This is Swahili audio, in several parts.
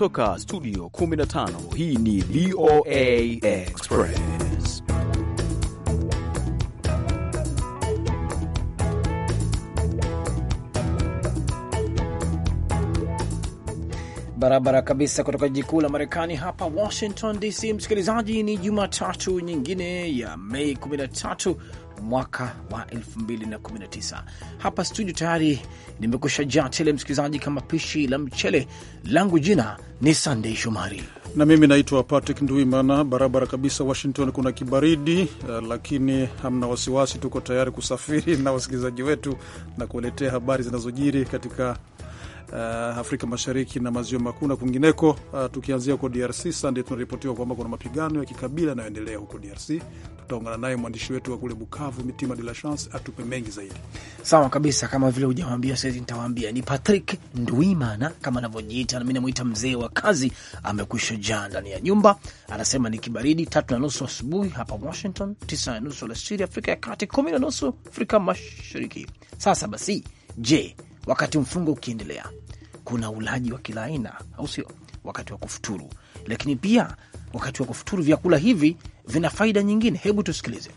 Toka studio 15 hii ni VOA Express. Barabara kabisa kutoka jiji kuu la Marekani hapa Washington DC. Msikilizaji, ni Jumatatu nyingine ya Mei 13 mwaka wa 2019. Hapa studio tayari nimekusha jaa tele, msikilizaji, kama pishi la mchele langu. Jina ni Sandei Shomari na mimi naitwa Patrick Nduimana. Barabara kabisa, Washington kuna kibaridi, eh, lakini hamna wasiwasi, tuko tayari kusafiri na wasikilizaji wetu na kuletea habari zinazojiri katika uh, Afrika Mashariki na maziwa makuu na kwingineko. Uh, tukianzia huko DRC, sand tunaripotiwa kwamba kuna mapigano ya kikabila yanayoendelea huko DRC. Tutaungana naye mwandishi wetu wa kule Bukavu, Mitima de la Chance, atupe mengi zaidi. Sawa kabisa, kama vile hujawaambia sahizi, nitawaambia. Ni Patrick Ndwimana kama anavyojiita, nami namwita mzee wa kazi, amekwisha jaa ndani ya nyumba, anasema ni kibaridi tatu na nusu asubuhi hapa Washington, tisa na nusu alasiri Afrika ya Kati, kumi na nusu Afrika Mashariki. Sasa basi, je, wakati mfungo ukiendelea kuna ulaji wa kila aina, au sio? Wakati wa kufuturu, lakini pia wakati wa kufuturu vyakula hivi vina faida nyingine. Hebu tusikilize.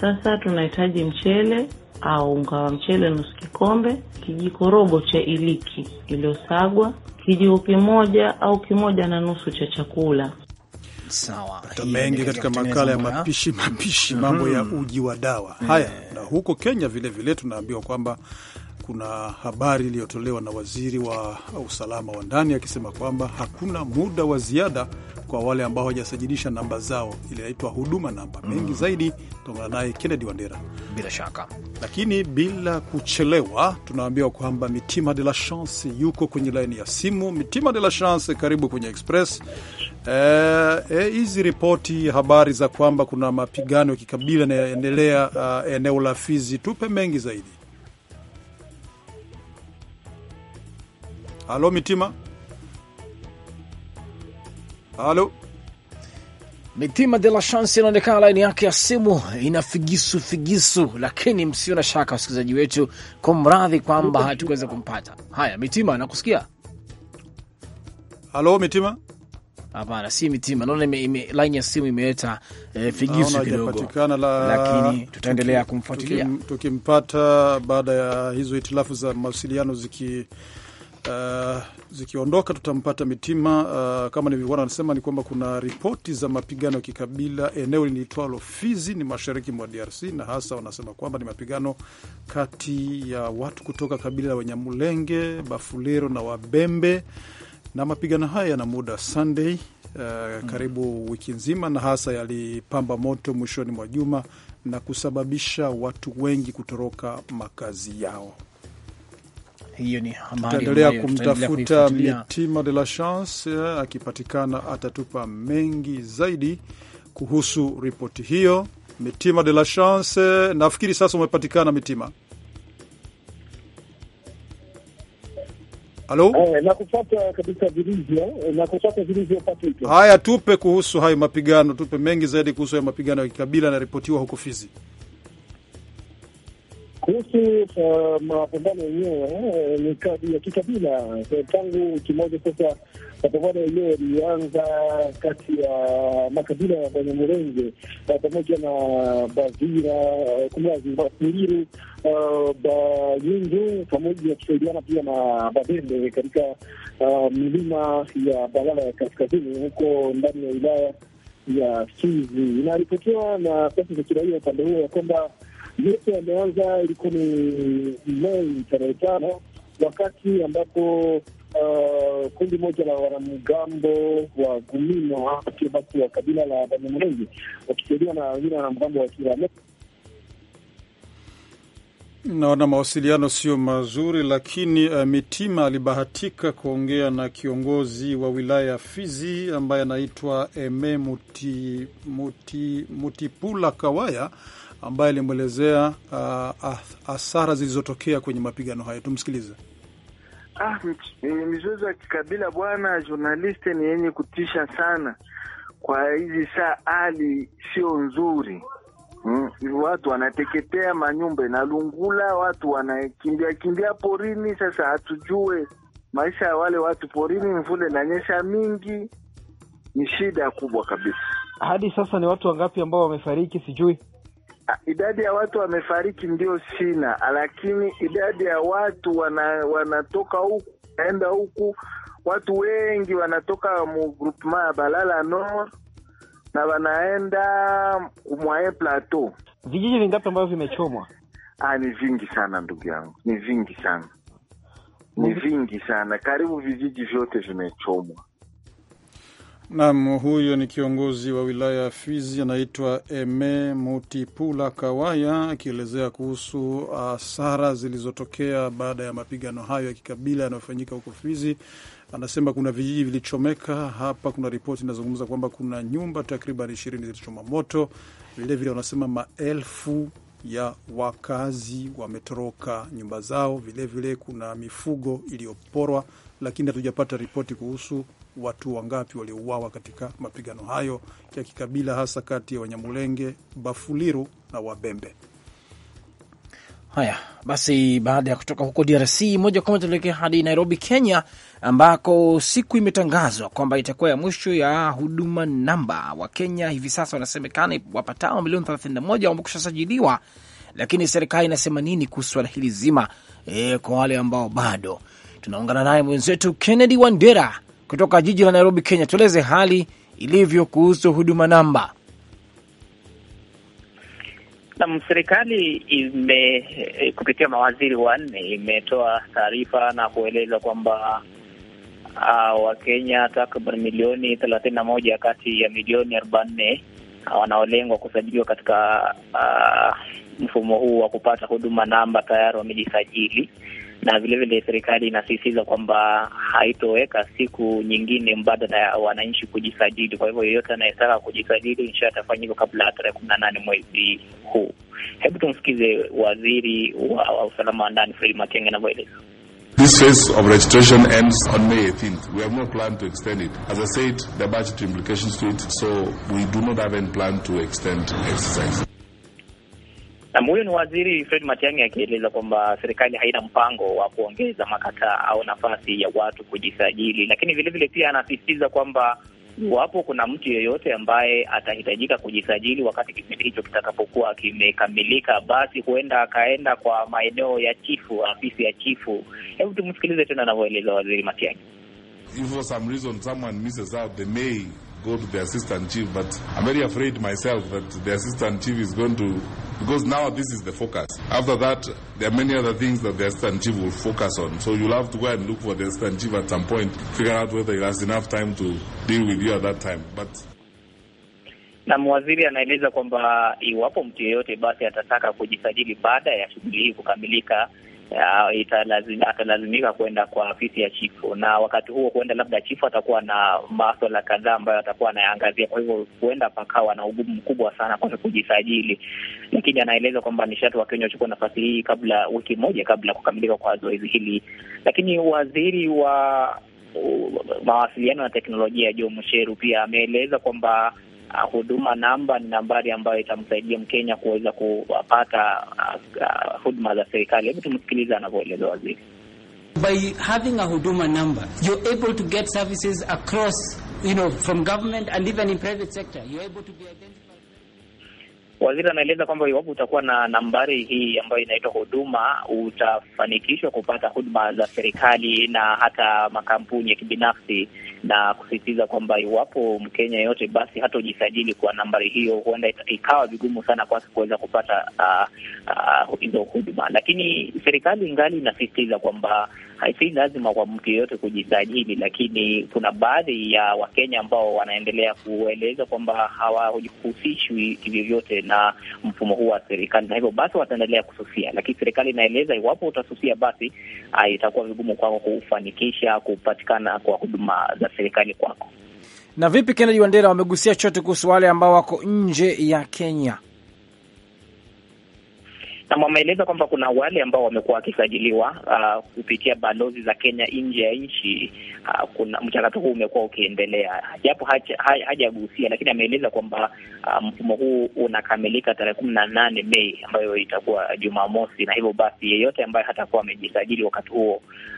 Sasa tunahitaji mchele au unga wa mchele nusu kikombe, kijiko robo cha iliki iliyosagwa, kijiko kimoja au kimoja na nusu cha chakula. Sawa, mengi katika makala ya mapishi mapishi, mambo ya hmm. uji wa dawa haya. Eh. Na huko Kenya vilevile tunaambiwa kwamba kuna habari iliyotolewa na waziri wa usalama wa ndani akisema kwamba hakuna muda wa ziada kwa wale ambao hawajasajilisha namba zao, ile inaitwa huduma namba. Mengi mm zaidi tutaungana naye Kennedy Wandera bila shaka, lakini bila kuchelewa, tunaambiwa kwamba Mitima de la Chance yuko kwenye laini ya simu. Mitima de la Chance, karibu kwenye Express. Eh, eh, hizi e, e, ripoti habari za kwamba kuna mapigano ya kikabila yanayoendelea uh, ah, eneo la Fizi, tupe mengi zaidi. Halo Mitima, halo Mitima de la Chance, inaonekana laini yake ya simu ina figisu figisu, lakini msio na shaka wasikilizaji wetu, kwa mradhi kwamba hatukuweza kumpata. Haya, Mitima, nakusikia. Halo Mitima. Hapana, si Mitima, naona laini ya simu imeleta e, figisu kidogo, la... lakini tutaendelea kumfuatilia tukimpata, tuki baada ya hizo hitilafu za mawasiliano ziki Uh, zikiondoka tutampata Mitima. Uh, kama nilivyokuwa nasema ni kwamba kuna ripoti za mapigano ya kikabila eneo linaitwalo Fizi, ni mashariki mwa DRC, na hasa wanasema kwamba ni mapigano kati ya watu kutoka kabila la Wanyamulenge, Bafulero na Wabembe, na mapigano haya yana muda Sunday, uh, karibu wiki nzima, na hasa yalipamba moto mwishoni mwa juma na kusababisha watu wengi kutoroka makazi yao hiyo ni tutaendelea kumtafuta Mitima de la Chance, eh, akipatikana atatupa mengi zaidi kuhusu ripoti hiyo. Mitima de la Chance, nafikiri sasa umepatikana Mitima. Halo, eh, eh, haya, tupe kuhusu hayo mapigano, tupe mengi zaidi kuhusu hayo mapigano ya kikabila yanaripotiwa huko Fizi. Kuhusu uh, mapambano yenyewe eh, ni kazi ya kikabila. Eh, tangu wiki moja sasa, mapambano yenyewe ilianza kati ya makabila ya Banyamulenge eh, pamoja na Bazira, kumradhi, Basuliru, Bayunju pamoja yakisaidiana pia na Babembe katika milima ya Balala ya kaskazini huko ndani ya wilaya ya Fizi. Inaripotiwa na asasi za kiraia upande huo ya kwamba yote yameanza, ilikuwa ni Mei tarehe tano, wakati ambapo uh, kundi moja la wanamgambo wa Gumino hapakio basi wa kabila la Banyamulenge wakisaidiwa na wengine wanamgambo wa Kirame. Naona mawasiliano sio mazuri, lakini uh, Mitima alibahatika kuongea na kiongozi wa wilaya ya Fizi ambaye anaitwa Eme Muti, Muti, Mutipula Kawaya ambaye alimwelezea uh, ah, zilizotokea kwenye mapigano hayo. Tumsikilize. Ah, mizozo ya kikabila bwana journaliste, ni yenye kutisha sana kwa hizi saa, hali sio nzuri mm. Watu wanateketea, manyumba inalungula, watu wanakimbia kimbia porini. Sasa hatujue maisha ya wale watu porini, mvule nyesha mingi, ni shida kubwa kabisa. Hadi sasa ni watu wangapi ambao wamefariki? Sijui Ah, idadi ya watu wamefariki ndio sina, lakini idadi ya watu wana, wanatoka huku naenda huku, watu wengi wanatoka mugroupement ya Balala Nord na wanaenda Mwaye Plateau. Vijiji vingapi ambavyo vimechomwa? Ah, ni vingi sana ndugu yangu, ni vingi sana, ni vingi sana, karibu vijiji vyote vimechomwa. Nam, huyo ni kiongozi wa wilaya ya Fizi anaitwa Eme Mutipula Kawaya akielezea kuhusu hasara uh, zilizotokea baada ya mapigano hayo ya kikabila yanayofanyika huko Fizi. Anasema kuna vijiji vilichomeka. Hapa kuna ripoti inazungumza kwamba kuna nyumba takriban ishirini zilichoma moto. Vilevile wanasema maelfu ya wakazi wametoroka nyumba zao. Vilevile vile kuna mifugo iliyoporwa, lakini hatujapata ripoti kuhusu watu wangapi waliouawa katika mapigano hayo ya kikabila, hasa kati ya Wanyamulenge, Bafuliru na Wabembe. Haya basi, baada ya kutoka huko DRC moja kwa moja tuelekea hadi Nairobi, Kenya, ambako siku imetangazwa kwamba itakuwa ya mwisho ya huduma namba. Wakenya hivi sasa wanasemekana wapatao milioni 31 wamekusha sajiliwa, lakini serikali inasema nini kuhusu swala hili zima? E, kwa wale ambao bado tunaungana naye mwenzetu Kennedy Wandera kutoka jiji la Nairobi, Kenya, tueleze hali ilivyo kuhusu huduma namba. Nam, serikali ime eh, kupitia mawaziri wanne imetoa taarifa na kueleza kwamba uh, Wakenya takriban milioni thelathini na moja kati ya milioni arobaini na nne ah, wanaolengwa kusajiliwa katika uh, mfumo huu wa kupata huduma namba tayari wamejisajili na vilevile serikali inasisitiza kwamba haitoweka siku nyingine mbadala ya wananchi kujisajili. Kwa hivyo yeyote anayetaka kujisajili insha atafanyika kabla ya tarehe kumi na nane mwezi huu. Hebu tumsikize waziri wa, wa usalama wa ndani Fred Matiang'i anavyoeleza. This phase of registration ends on May 18th. We have no plan to extend it. As I said, implications to it, so we do not have any plan to extend exercise. Nam, huyo ni waziri Fred Matiang'i akieleza kwamba serikali haina mpango wa kuongeza makataa au nafasi ya watu kujisajili, lakini vilevile pia anasisitiza kwamba iwapo kuna mtu yeyote ambaye atahitajika kujisajili wakati kipindi hicho kitakapokuwa kimekamilika, basi huenda akaenda kwa maeneo ya chifu, afisi ya chifu. Hebu tumsikilize tena anavyoeleza waziri Matiang'i go to the assistant chief, but I'm very afraid myself that the assistant chief is going to, because now this is the focus. After that, there are many other things that the assistant chief will focus on. So you'll have to go and look for the assistant chief at some point, figure out whether he has enough time to deal with you at that time. But na mwaziri anaeleza kwamba iwapo mtu yeyote basi atataka kujisajili baada ya shughuli hii kukamilika Uh, atalazimika kwenda kwa afisi ya chifu, na wakati huo huenda labda chifu atakuwa na maswala kadhaa ambayo atakuwa anayaangazia. Kwa hivyo huenda pakawa na ugumu mkubwa sana kwa kujisajili, lakini anaeleza kwamba nishati wa Kenya wachukua nafasi hii kabla wiki moja kabla ya kukamilika kwa zoezi hili. Lakini waziri wa mawasiliano na teknolojia Joe Musheru pia ameeleza kwamba uh, huduma namba ni nambari ambayo itamsaidia Mkenya kuweza kupata uh, uh, huduma za serikali. Hebu tumsikiliza anavyoeleza waziri. By having a huduma number, you're able to get services across, you know, from government and even in private sector. You're able to be identified. Waziri anaeleza kwamba iwapo utakuwa na nambari hii ambayo inaitwa huduma, utafanikishwa kupata huduma za serikali na hata makampuni ya kibinafsi na kusisitiza kwamba iwapo Mkenya yeyote basi hata ujisajili kwa nambari hiyo, huenda ikawa vigumu sana kwake kuweza kupata ah, ah, hizo uh, uh, huduma. Lakini serikali ingali inasisitiza kwamba si lazima kwa mtu yeyote kujisajili, lakini kuna baadhi ya Wakenya ambao wanaendelea kueleza kwamba hawajihusishwi kivyovyote na mfumo huu wa serikali, na hivyo basi wataendelea kususia. Lakini serikali inaeleza iwapo utasusia, basi ah, itakuwa vigumu kwako kufanikisha kupatikana kwa huduma za serikali kwako. Na vipi, Kennedy Wandera, wamegusia chote kuhusu wale ambao wako nje ya Kenya? na wameeleza kwamba kuna wale ambao wamekuwa wakisajiliwa uh, kupitia balozi za Kenya nje ya nchi. Uh, kuna mchakato huu umekuwa ukiendelea, japo hajagusia, lakini ameeleza kwamba uh, mfumo huu unakamilika tarehe kumi na nane Mei ambayo itakuwa Jumamosi, na hivyo basi yeyote ambaye hatakuwa amejisajili wakati huo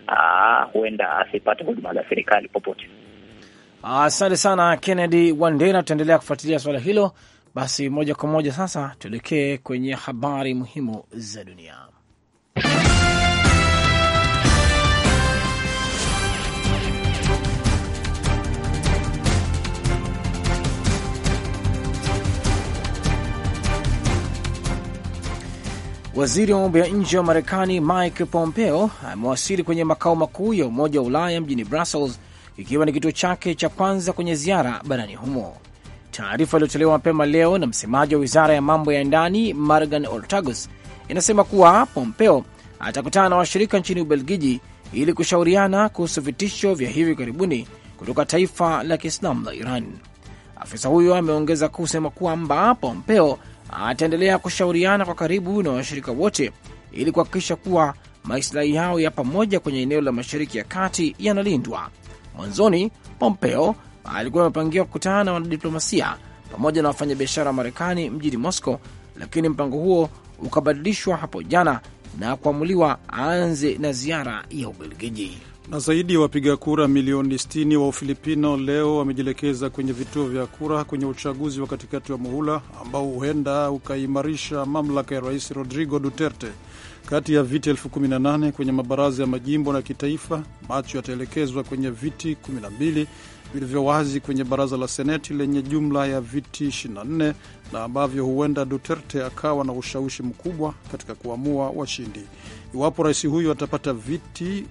uh, huenda asipate huduma za serikali popote. Asante sana Kennedy Wandera, tutaendelea kufuatilia swala hilo basi moja kwa moja sasa tuelekee kwenye habari muhimu za dunia. Waziri wa mambo ya nje wa Marekani Mike Pompeo amewasili kwenye makao makuu ya Umoja wa Ulaya mjini Brussels, ikiwa ni kituo chake cha kwanza kwenye ziara barani humo. Taarifa iliyotolewa mapema leo na msemaji wa wizara ya mambo ya ndani margan Ortagus inasema kuwa Pompeo atakutana na washirika nchini Ubelgiji ili kushauriana kuhusu vitisho vya hivi karibuni kutoka taifa la Kiislamu la Iran. Afisa huyo ameongeza kusema kwamba Pompeo ataendelea kushauriana kwa karibu na washirika wote ili kuhakikisha kuwa maislahi yao ya pamoja kwenye eneo la Mashariki ya Kati yanalindwa. Mwanzoni Pompeo alikuwa amepangiwa kukutana na wanadiplomasia pamoja na wafanyabiashara wa Marekani mjini Moscow, lakini mpango huo ukabadilishwa hapo jana na kuamuliwa aanze na ziara ya Ubelgiji. Na zaidi ya wapiga kura milioni 60 wa Ufilipino leo wamejielekeza kwenye vituo vya kura kwenye uchaguzi wa katikati wa muhula ambao huenda ukaimarisha mamlaka ya Rais Rodrigo Duterte. Kati ya viti 18 kwenye mabaraza ya majimbo na kitaifa, macho yataelekezwa kwenye viti 12 vilivyo wazi kwenye baraza la Seneti lenye jumla ya viti 24 na ambavyo huenda Duterte akawa na ushawishi mkubwa katika kuamua washindi. Iwapo rais huyo atapata viti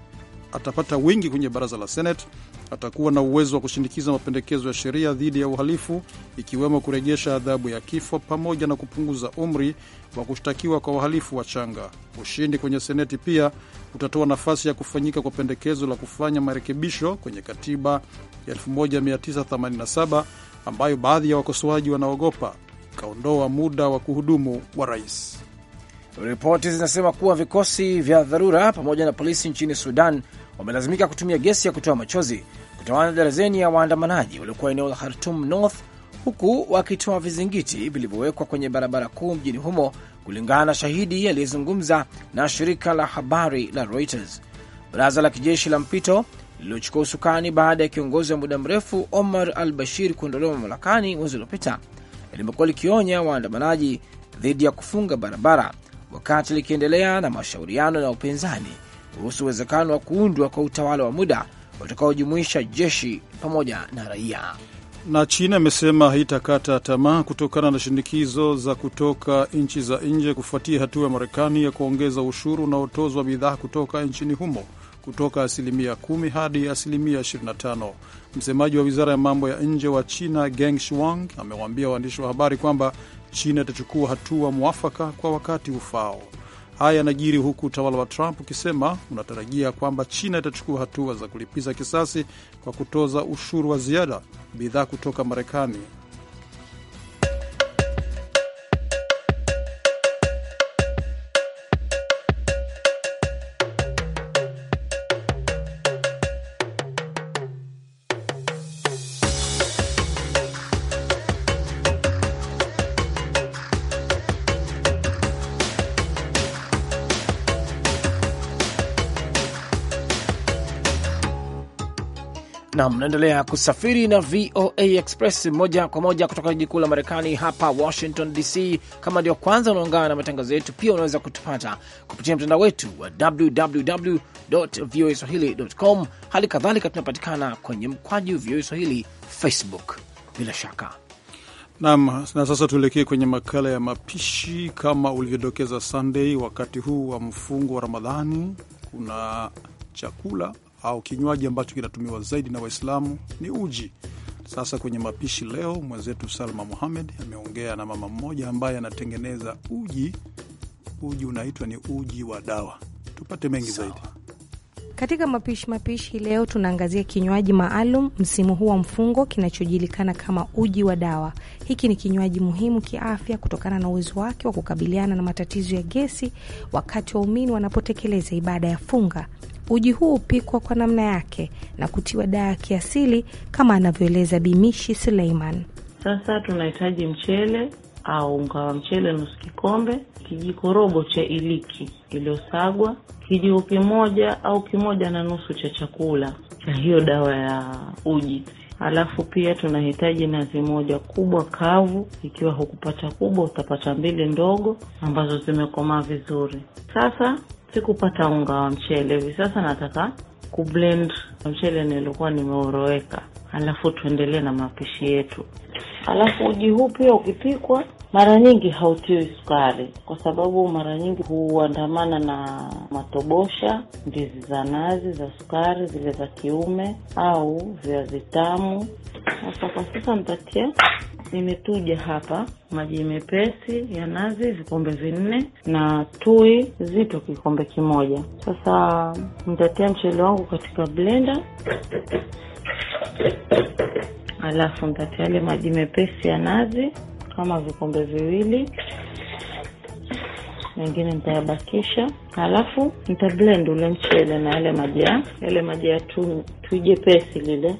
atapata wingi kwenye baraza la Senate, atakuwa na uwezo wa kushinikiza mapendekezo ya sheria dhidi ya uhalifu, ikiwemo kurejesha adhabu ya kifo pamoja na kupunguza umri wa kushtakiwa kwa wahalifu wachanga. Ushindi kwenye Seneti pia utatoa nafasi ya kufanyika kwa pendekezo la kufanya marekebisho kwenye katiba ya 1987 ambayo baadhi ya wakosoaji wanaogopa ikaondoa muda wa kuhudumu wa rais. Ripoti zinasema kuwa vikosi vya dharura pamoja na polisi nchini Sudan wamelazimika kutumia gesi ya kutoa machozi kutawana darazeni ya waandamanaji waliokuwa eneo la Khartum North, huku wakitoa vizingiti vilivyowekwa kwenye barabara kuu mjini humo, kulingana na shahidi aliyezungumza na shirika la habari la Reuters. Baraza la kijeshi la mpito lililochukua usukani baada ya kiongozi wa muda mrefu Omar al Bashir kuondolewa mamlakani mwezi uliopita limekuwa likionya waandamanaji dhidi ya kufunga barabara wakati likiendelea na mashauriano na upinzani kuhusu uwezekano wa kuundwa kwa utawala wa muda utakaojumuisha jeshi pamoja na raia. Na China imesema haitakata tamaa kutokana na shinikizo za kutoka nchi za nje kufuatia hatua ya Marekani ya kuongeza ushuru unaotozwa bidhaa kutoka nchini humo kutoka asilimia 10 hadi asilimia 25. Msemaji wa wizara ya mambo ya nje wa China Geng Shuang amewaambia waandishi wa habari kwamba China itachukua hatua mwafaka kwa wakati ufao. Haya yanajiri huku utawala wa Trump ukisema unatarajia kwamba China itachukua hatua za kulipiza kisasi kwa kutoza ushuru wa ziada bidhaa kutoka Marekani na mnaendelea kusafiri na VOA Express moja kwa moja kutoka jiji kuu la Marekani hapa Washington DC. Kama ndio kwanza unaungana na matangazo yetu, pia unaweza kutupata kupitia mtandao wetu wa www voa swahilicom. Hali kadhalika tunapatikana kwenye mkwaju VOA Swahili Facebook bila shaka. Naam, na sasa tuelekee kwenye makala ya mapishi. Kama ulivyodokeza Sunday, wakati huu wa mfungo wa Ramadhani kuna chakula au kinywaji ambacho kinatumiwa zaidi na Waislamu ni uji. Sasa kwenye mapishi leo, mwenzetu Salma muhamed ameongea na mama mmoja ambaye anatengeneza uji. Uji unaitwa ni uji wa dawa. Tupate mengi Sawa. zaidi katika mapishi mapishi leo tunaangazia kinywaji maalum msimu huu wa mfungo kinachojulikana kama uji wa dawa. Hiki ni kinywaji muhimu kiafya kutokana na uwezo wake wa kukabiliana na matatizo ya gesi wakati waumini wanapotekeleza ibada ya funga. Uji huu hupikwa kwa namna yake na kutiwa daa kiasili kama anavyoeleza Bimishi Suleiman. Sasa tunahitaji mchele au unga wa mchele nusu kikombe, kijiko robo cha iliki iliyosagwa, kijiko kimoja au kimoja na nusu cha chakula cha hiyo dawa ya uji. Alafu pia tunahitaji nazi moja kubwa kavu, ikiwa hukupata kubwa utapata mbili ndogo ambazo zimekomaa vizuri. Sasa sikupata unga wa mchele. Hivi sasa nataka kublend mchele nilikuwa nimeoroweka, alafu tuendelee na mapishi yetu. Alafu uji huu pia ukipikwa, mara nyingi hautiwi sukari, kwa sababu mara nyingi huandamana na matobosha, ndizi za nazi za sukari, zile za kiume au viazi tamu. Sasa kwa sasa nitatia Nimetuja hapa maji mepesi ya nazi vikombe vinne na tui zito kikombe kimoja. Sasa nitatia mchele wangu katika blender, alafu nitatia ale maji mepesi ya nazi kama vikombe viwili mengine nitayabakisha, alafu nita blend ule mchele na yale maji yale maji ya tui jepesi lile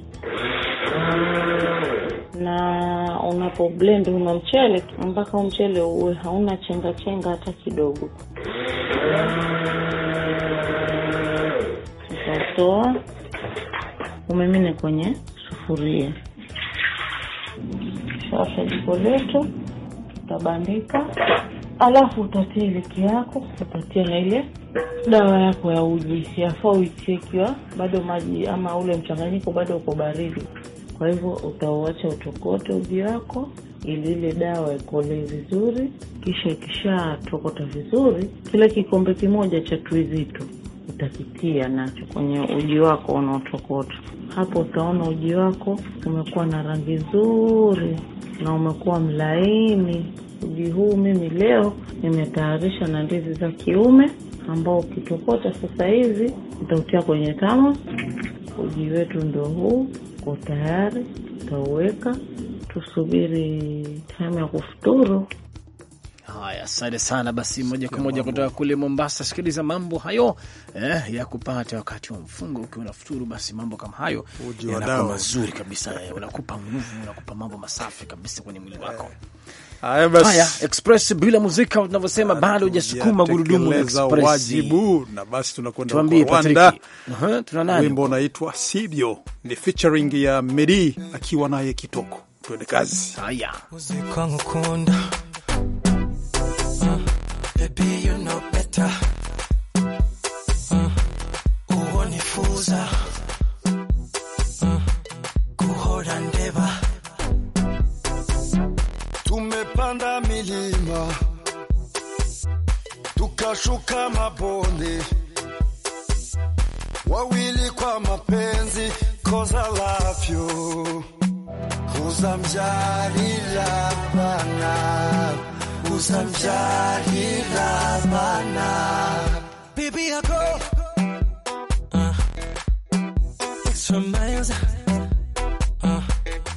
na unapoblend una mchele mpaka mchele uwe hauna chenga chenga hata kidogo. Utatoa umemine kwenye sufuria. Sasa jiko letu utabandika, alafu utatia iliki yako, utatia na ile dawa yako ya uji. Yafaa uitie ikiwa bado maji ama ule mchanganyiko bado uko baridi. Kwa hivyo utauacha utokote uji wako ili ile dawa ikolee vizuri, kisha ikishatokota vizuri, kila kikombe kimoja cha tuizito utakitia nacho kwenye uji wako unaotokota. Hapo utaona uji wako umekuwa na rangi nzuri na umekuwa mlaini. Uji huu mimi leo nimetayarisha na ndizi za kiume, ambao ukitokota sasa hivi utautia kwenye tamo. Uji wetu ndo huu uko tayari, tutauweka tusubiri time ya kufuturu. Haya, asante sana. Basi moja kwa moja kutoka kule Mombasa, sikiliza mambo hayo eh, ya kupata wakati wa mfungo ukiwa unafuturu. Basi mambo kama hayo yanakuwa mazuri kabisa, eh, unakupa nguvu, unakupa mambo masafi kabisa kwenye mwili wako. Eh. Haya basi, haya express bila muziki tunavyosema, bado hujasukuma gurudumu la express wajibu. Na basi tunakwenda kwa Rwanda, tuna nani? Wimbo unaitwa Sibyo, ni featuring ya Medi akiwa naye Kitoko. Twende kazi. Haya muziki wangu kunda, uh, baby you know better tumepanda milima tukashuka mabonde, wawili kwa mapenzi, koza lafyo uzamjarira bana, uzamjarira bana, bibi yako uh.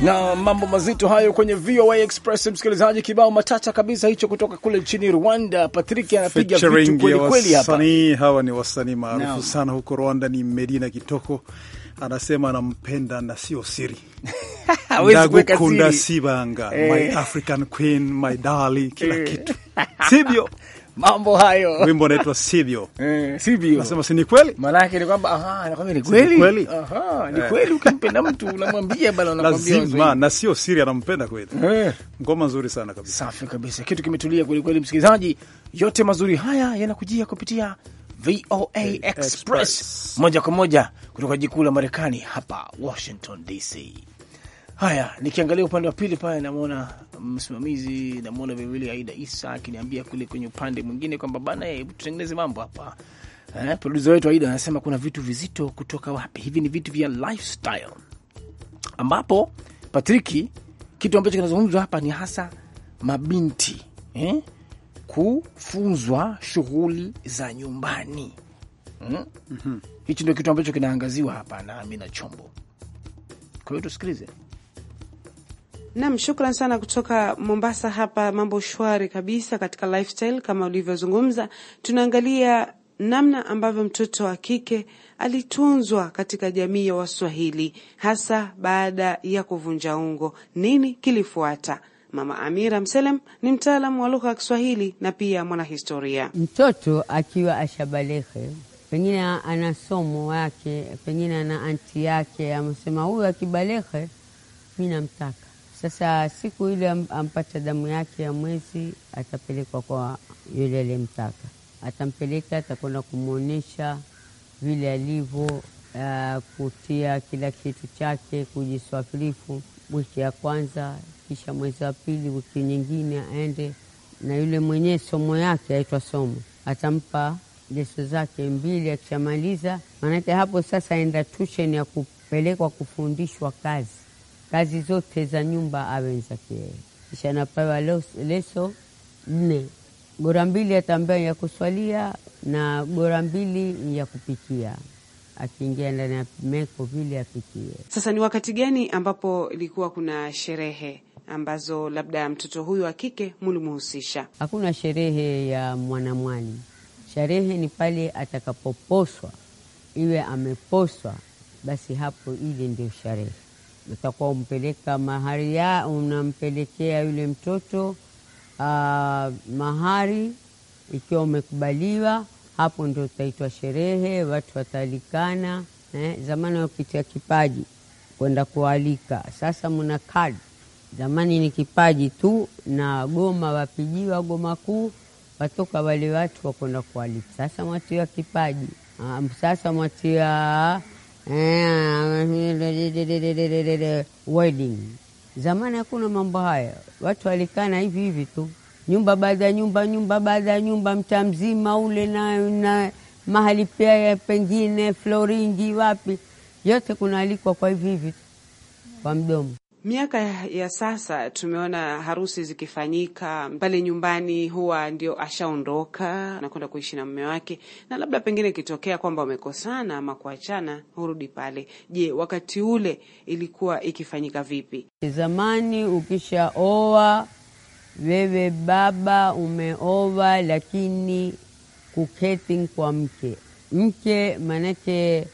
na mambo mazito hayo kwenye VOA Express, msikilizaji. Kibao matata kabisa hicho kutoka kule nchini Rwanda. Patrick anapiga vitu kweli kweli hapa. Hawa ni wasanii maarufu no. sana huko Rwanda, ni Medina Kitoko anasema anampenda na sio siri ndagukunda sibanga eh. my African queen my darling kila eh. kitu sivyo? mambo hayo. Wimbo unaitwa sivyo, eh, sivyo. Nasema si ni kweli, maanake ni kwamba aha, anakwambia ni kweli, ni kweli, aha, ni kweli. Ukimpenda mtu unamwambia bana, unakwambia lazima, na sio siri, anampenda kweli. Eh, ngoma nzuri sana kabisa, safi kabisa, kitu kimetulia kweli kweli. Msikilizaji, yote mazuri haya yanakujia kupitia VOA eh, Express moja kwa moja kutoka jikuu la Marekani hapa Washington DC. Haya, nikiangalia upande wa pili pale, namwona msimamizi, namwona vilevile Aida Isa akiniambia kule kwenye upande mwingine kwamba bana, tutengeneze mambo hapa. Eh, produsa wetu Aida anasema kuna vitu vizito kutoka wapi? Hivi ni vitu vya lifestyle, ambapo Patriki, kitu ambacho kinazungumzwa hapa ni hasa mabinti eh? kufunzwa shughuli za nyumbani hmm? mm -hmm. Hichi ndio kitu ambacho kinaangaziwa hapa na Amina Chombo. Kwa hiyo tusikilize. Nam, shukran sana kutoka Mombasa. Hapa mambo shwari kabisa katika lifestyle, kama ulivyozungumza, tunaangalia namna ambavyo mtoto wa kike alitunzwa katika jamii ya Waswahili, hasa baada ya kuvunja ungo. Nini kilifuata? Mama Amira Mselem ni mtaalamu wa lugha ya Kiswahili na pia mwanahistoria. Mtoto akiwa ashabalehe, pengine ana somo yake pengine ana anti yake, amesema huyu akibalehe mi namtaka. Sasa siku ile ampata damu yake ya mwezi, atapelekwa kwa yule aliyemtaka, atampeleka, atakwenda kumwonyesha vile alivyo, ah, kutia kila kitu chake, kujiswafirifu wiki ya kwanza kisha mwezi wa pili, wiki nyingine aende na yule mwenyewe. Somo yake aitwa somo, atampa leso zake mbili. Akishamaliza maanake hapo sasa aenda tusheni ya kupelekwa kufundishwa kazi, kazi zote za nyumba awenzake yeye, kisha anapewa leso nne, gora mbili atambea ya kuswalia na gora mbili ya kupikia akiingia ndani ya meko vile apikie. Sasa ni wakati gani ambapo ilikuwa kuna sherehe ambazo labda mtoto huyu wa kike mulimhusisha? Hakuna sherehe ya mwanamwali. Sherehe ni pale atakapoposwa, iwe ameposwa, basi hapo ile ndio sherehe. Utakuwa umpeleka mahari ya unampelekea yule mtoto Uh, mahari ikiwa umekubaliwa, hapo ndo utaitwa sherehe, watu wataalikana. Eh, zamani wakitia kipaji kwenda kualika, sasa muna kadi Zamani ni kipaji tu na goma wapijiwa goma kuu watoka wale watu wakwenda kualifu. Sasa mwatia kipaji ah, sasa mwatia eh, wedding. Zamani hakuna mambo haya, watu walikana hivi hivi tu, nyumba baada ya nyumba, nyumba baada ya nyumba, mtaa mzima ule na, na mahali pia pengine floringi wapi, yote kunaalikwa kwa hivi hivi kwa mdomo. Miaka ya sasa tumeona harusi zikifanyika pale nyumbani, huwa ndio ashaondoka nakwenda kuishi na mume wake, na labda pengine ikitokea kwamba wamekosana ama kuachana, hurudi pale. Je, wakati ule ilikuwa ikifanyika vipi? Zamani ukishaoa wewe baba umeoa, lakini kuketi kwa mke mke, maanake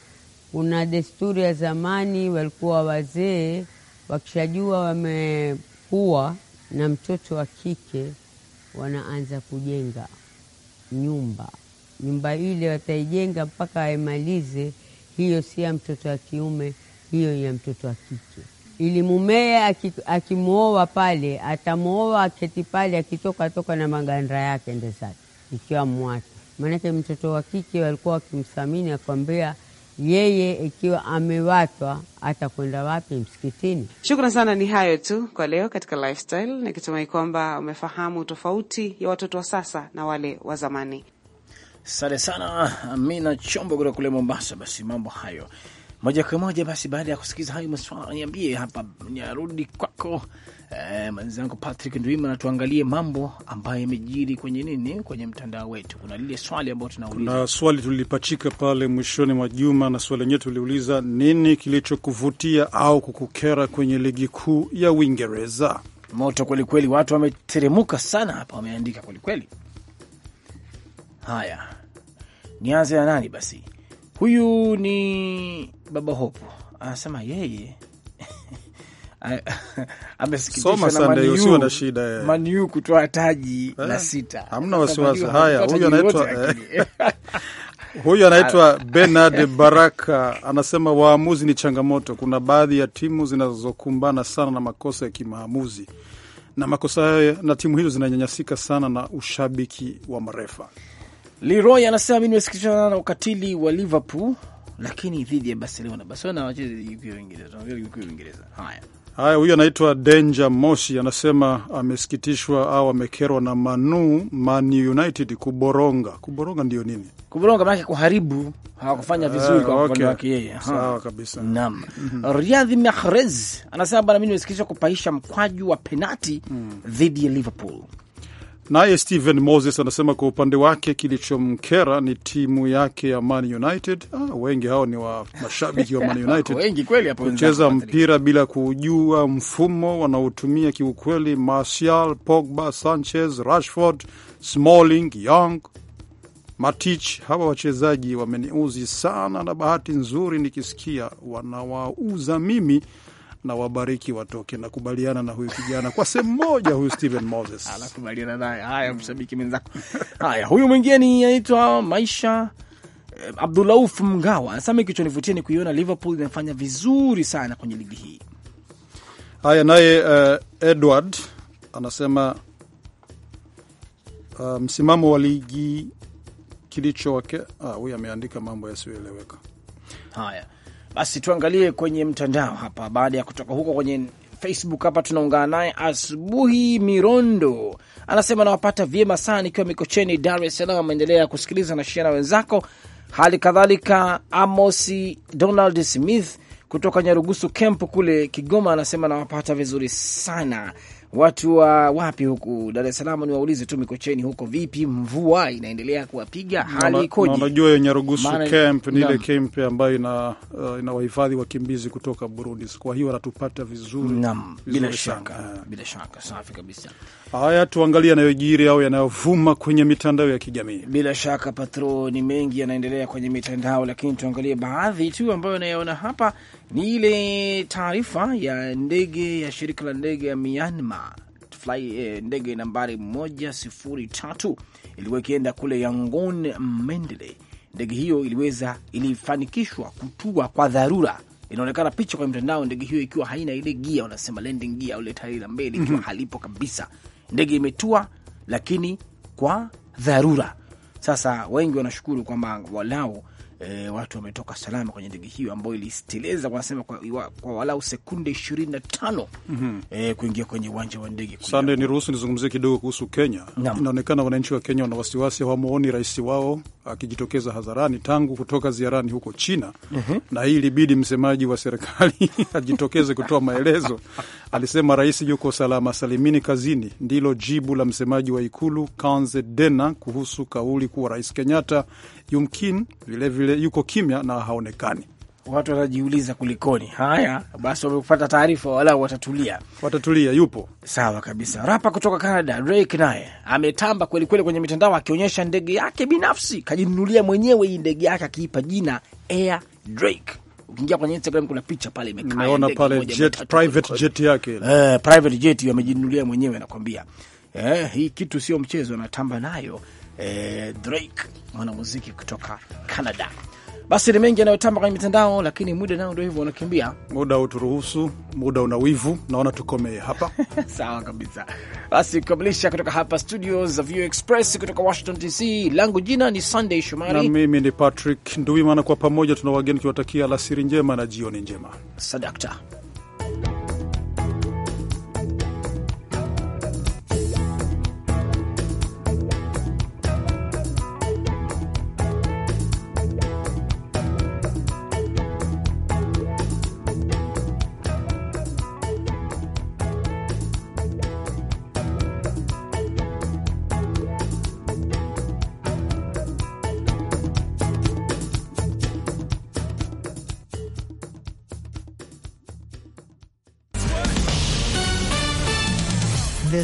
kuna desturi ya zamani, walikuwa wazee Wakishajua wamekuwa na mtoto wa kike, wanaanza kujenga nyumba. Nyumba ile wataijenga mpaka waimalize. Hiyo si ya mtoto wa kiume, hiyo ya mtoto wa kike ili mumee akimwoa pale, atamwoa aketi pale, akitoka toka na maganda yake ndezake, ikiwa mwata Maanake mtoto wa kike walikuwa wakimthamini, akwambia yeye ikiwa amewatwa atakwenda wapi msikitini? Shukran sana. Ni hayo tu kwa leo katika Lifestyle, nikitumai kwamba umefahamu tofauti ya watoto wa sasa na wale wa zamani. sante sana Amina Chombo kutoka kule Mombasa. Basi mambo hayo moja kwa moja. Basi baada ya kusikiza hayo maswala, niambie hapa, niarudi kwako eh, mwenzangu Patrick na tuangalie mambo ambayo yamejiri kwenye nini, kwenye mtandao wetu. Kuna lile swali ambayo tunauliza, na swali tulilipachika pale mwishoni mwa juma, na swali lenyewe tuliuliza, nini kilichokuvutia au kukukera kwenye ligi kuu ya Uingereza? Moto kwelikweli, watu wameteremuka sana hapa, wameandika kwelikweli. Haya, nianze na nani basi? Huyu ni Baba Hopo anasema yeye amesikitishwa na eh. Maniu kutoa taji eh, la sita. Hamna wasiwasi. Haya, eh. huyu anaitwa huyu ah. anaitwa Bernard Baraka, anasema waamuzi ni changamoto. Kuna baadhi ya timu zinazokumbana sana na makosa ya kimaamuzi na makosa hayo na timu hizo zinanyanyasika sana na ushabiki wa marefa. Leroy anasema mi nimesikitishwa na ukatili wa Liverpool, lakini dhidi ya Barcelona. Barcelona wacheze Uingereza. Haya Haya, huyu anaitwa Danger Moshi, anasema amesikitishwa au amekerwa na Manu Man United kuboronga. Kuboronga ndio nini? Kuboronga maanake kuharibu, hawakufanya vizuri kwa mkondo ah, wake yeye. Sawa kabisa, naam. Mhm. Riadhi Mahrez anasema bana, mimi nimesikitishwa kupaisha mkwaju wa penati mm. dhidi ya Liverpool. Naye stephen Moses anasema kwa upande wake kilichomkera ni timu yake ya Man United. Ah, wengi hao ni wa mashabiki wa Man United wengi kweli hapo, kucheza mpira bila kujua mfumo wanaotumia. Kiukweli, Martial, Pogba, Sanchez, Rashford, Smalling, Young, Matich, hawa wachezaji wameniuzi sana, na bahati nzuri nikisikia wanawauza mimi na wabariki watoke. Nakubaliana na huyu kijana kwa sehemu moja, huyu Steven Moses anakubaliana naye. Haya, mshabiki mwenzako. Haya, huyu mwingine ni anaitwa Maisha eh, Abdulauf Mgawa anasema kichonivutia ni kuiona Liverpool inafanya vizuri sana kwenye ligi hii. Haya, naye uh, Edward anasema uh, msimamo wa ligi kilicho wake. Ah, huyu ameandika mambo yasiyoeleweka. Haya basi tuangalie kwenye mtandao hapa, baada ya kutoka huko kwenye Facebook hapa tunaungana naye Asubuhi Mirondo anasema nawapata vyema sana nikiwa Mikocheni, Dar es Salaam. Ameendelea kusikiliza na shia na wenzako. Hali kadhalika Amosi Donald Smith kutoka Nyarugusu Camp kule Kigoma anasema nawapata vizuri sana watu wa wapi huku Dar es Salaam, ni waulize tu Mikocheni huko vipi, mvua inaendelea kuwapiga, hali ikoje? Unajua yenye rugusu camp ni ile camp ambayo ina uh, ina wahifadhi wakimbizi kutoka Burundi, kwa hiyo wanatupata vizuri bila shaka, bila shaka. Safi kabisa. Haya, tuangalie yanayojiri au yanayovuma kwenye mitandao ya kijamii. Bila shaka, Patro, ni mengi yanaendelea kwenye mitandao, lakini tuangalie baadhi tu ambayo inayoona hapa. Ni ile taarifa ya ndege ya shirika la ndege ya Myanmar Fly eh, ndege nambari tatu ilikuwa ikienda kule Yangon Mendele. Ndege hiyo iliweza ilifanikishwa kutua kwa dharura. Inaonekana picha kwenye mtandao, ndege hiyo ikiwa haina ile gia, wanasema landing gia, ule tairi la mbele ikiwa mhm. halipo kabisa ndege imetua, lakini kwa dharura. Sasa wengi wanashukuru kwamba walau E, watu wametoka salama kwenye ndege hiyo ambayo ilisteleza wanasema kwa, kwa walau sekunde ishirini na tano mm -hmm. e, kuingia kwenye uwanja wa ndege. Sande, niruhusu nizungumzie kidogo kuhusu Kenya. Inaonekana wananchi wa Kenya wana wasiwasi, hawamwoni rais wao akijitokeza hadharani tangu kutoka ziarani huko China. mm -hmm. Na hii ilibidi msemaji wa serikali ajitokeze kutoa maelezo. Alisema rais yuko salama salimini kazini, ndilo jibu la msemaji wa ikulu Kanze Dena kuhusu kauli kuwa rais Kenyatta yumkin vilevile yuko kimya na haonekani watu watajiuliza kulikoni. Haya basi, wamepata taarifa, walau watatulia, watatulia. Yupo sawa kabisa. Rapa kutoka Canada Drake naye ametamba kwelikweli kwenye mitandao akionyesha ndege yake binafsi, kajinunulia mwenyewe hii ndege yake akiipa jina Air Drake. Ukiingia kwenye Instagram kuna picha pale imekaa, naona pale jet, private jet yake eh, private jet amejinunulia mwenyewe, nakwambia eh, hii kitu sio mchezo, anatamba nayo eh, Drake mwanamuziki kutoka Canada. Basi ni mengi yanayotamba kwenye mitandao, lakini muda nao ndio hivyo unakimbia. Muda uturuhusu, muda una wivu, naona tukomee hapa sawa kabisa. Basi kukamilisha kutoka hapa studio za VOA Express kutoka Washington DC, langu jina ni Sunday Shomari na mimi ni Patrick Nduimana. Kwa pamoja tuna wageni kiwatakia alasiri njema na jioni njema. Sadakta.